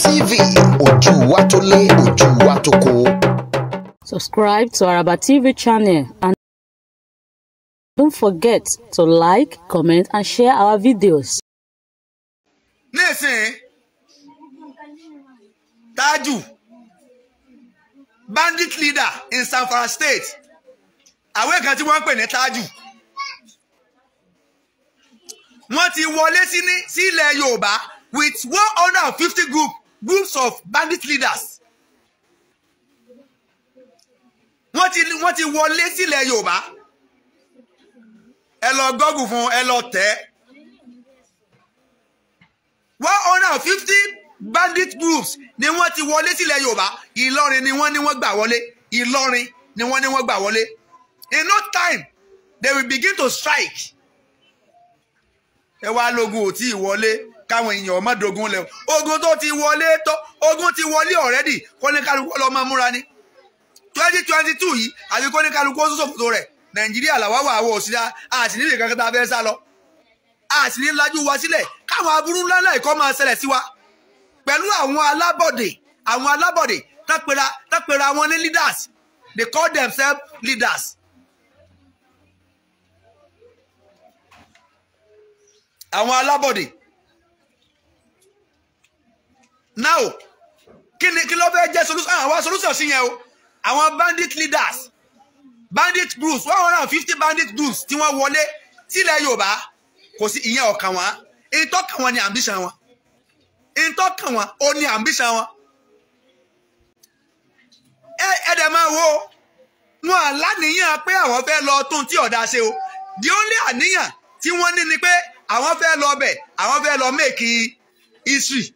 TV ojú wa tó lé ojú wa tó kó. Subscribe to Araba TV channel and don't forget to like, comment and share our videos. Nísìnyí, Taju, bandit leader in Zamfara State, àwẹ̀ kan tí wọ́n ń pè ní Tájù wọ́n ti wọlé sí ilẹ̀ Yorùbá with one hundred and fifty group groups of bandit leaders wọ́n ti wọ́n ti wọlé sílẹ̀ Yorùbá ẹ lọ gọ́gùn fún ẹ lọ tẹ̀ one hundred and fifty bandit groups ni wọ́n ti wọlé sílẹ̀ Yorùbá Ìlọrin ni wọ́n ní wọ́n gbà wọlé Ìlọrin ni wọ́n ní wọ́n gbà wọlé in no time they will begin to strike ẹ wá lógun ò tí ì wọlé káwọn èèyàn ọmọ dogun lẹ ogun tó ti wọlé tó ogun ti wọlé ọ̀rẹ́dì kọ́níkálukú lọ máa múra ni twenty twenty two yìí àbí kọ́níkálukú ó sòfòtò rẹ̀ nàìjíríà làwa wà wọ òsínà àti nílé kankan tá a fẹ́ sá lọ àti ní lajú wa sílẹ̀ káwọn aburú ńláńlá ìkọ́ máa ṣẹlẹ̀ sí wa pẹ̀lú àwọn alábọ̀dé àwọn alábọ̀dé tápẹ́ra tápẹ́ra wọn ní leaders they call themselves leaders. àwọn alábọ̀dé now kí ni kí ló fẹ́ jẹ́ solution ah, solution sí yẹn o àwọn bandit leaders bandit groups one hundred and fifty bandit groups tí wọ́n wọlé sílẹ̀ Yorùbá kò sí ìyẹn ọ̀kan wọn ìtọ́kàn wọn ni ambition wọn ìtọ́kàn wọn ò ní ambition wọn ẹ̀ẹ́dẹ̀ máa wo wọn àláníyàn pé àwọn fẹ́ lọ tún tí ọ̀dà ṣe o the only àníyàn tí wọ́n ní ni pé àwọn fẹ́ lọ bẹ̀ àwọn fẹ́ lọ make history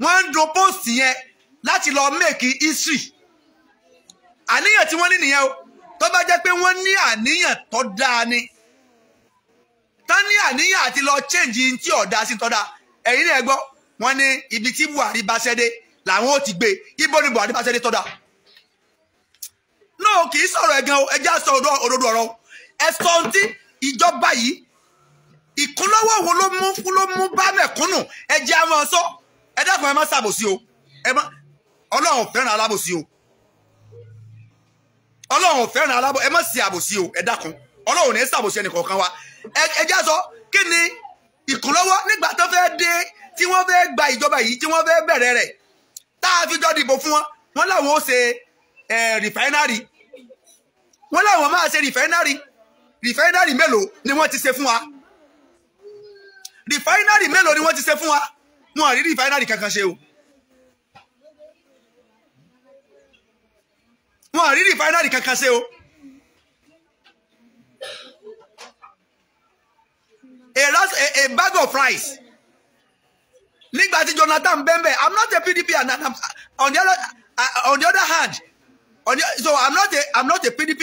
wọ́n ń do post yẹn láti lọ make history àníyàn tí wọ́n ní nìyẹn o tó bá jẹ́ pé wọ́n ní àníyàn tó dáa ni tán ní àníyàn àti lọ change in tí ọ̀dà sí tọ́da ẹ̀yin náà gbọ́ wọ́n ní ibi tí Buhari bá ṣẹ́dé làwọn ò ti gbé ibo ni Buhari bá ṣẹ́dé tọ́da náà kì í sọ̀rọ̀ ẹ̀gàn o ẹjẹ́ àṣọ òdodo ọ̀rọ̀ ẹ sọ ohun tí ìjọba yìí ìkúnlọ́wọ́ wo ló mú fún ló mú bá mẹ̀kúnnù ẹjẹ́ àwọn sọ. So ẹ dákun ẹ má ṣàbòsí o ẹ má ọlọ́run fẹ́ràn alábòsí o ọlọ́run fẹ́ràn alábò ẹ má ṣe àbòsí o ẹ dákun ọlọ́run ní ṣàbòsí ẹnìkọ̀ọ̀kan wa ẹ já sọ kí ni ìkúnlọ́wọ́ nígbà tó fẹ́ dé tí wọ́n fẹ́ gba ìjọba yìí tí wọ́n fẹ́ bẹ̀rẹ̀ rẹ̀ tá a fi jọ dìbò fún wọn wọ́n láwọn ó ṣe rìfáínárì wọ́n láwọn máa ṣe rìfáínárì rìfáínárì mélòó ni wọ́n ti ṣe fún wa rìfáínárì mélòó ni wọ́n ti ṣe fún wa wọn àrírí fáínàlì kankan ṣe o wọn àrírí fáínàlì kankan ṣe o a, bag of rice nígbà tí Jonathan bẹ́ẹ̀ I'm not a PDP and on the other uh, on the other hand on the, so I'm not a I'm not a PDP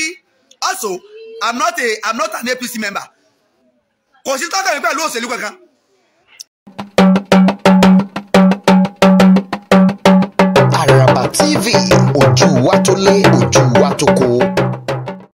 also I'm not a I'm not an APC member kò sí tọ́kàn mi pẹ̀lú òṣèlú kankan. wa tó lé ojú wa tó kó.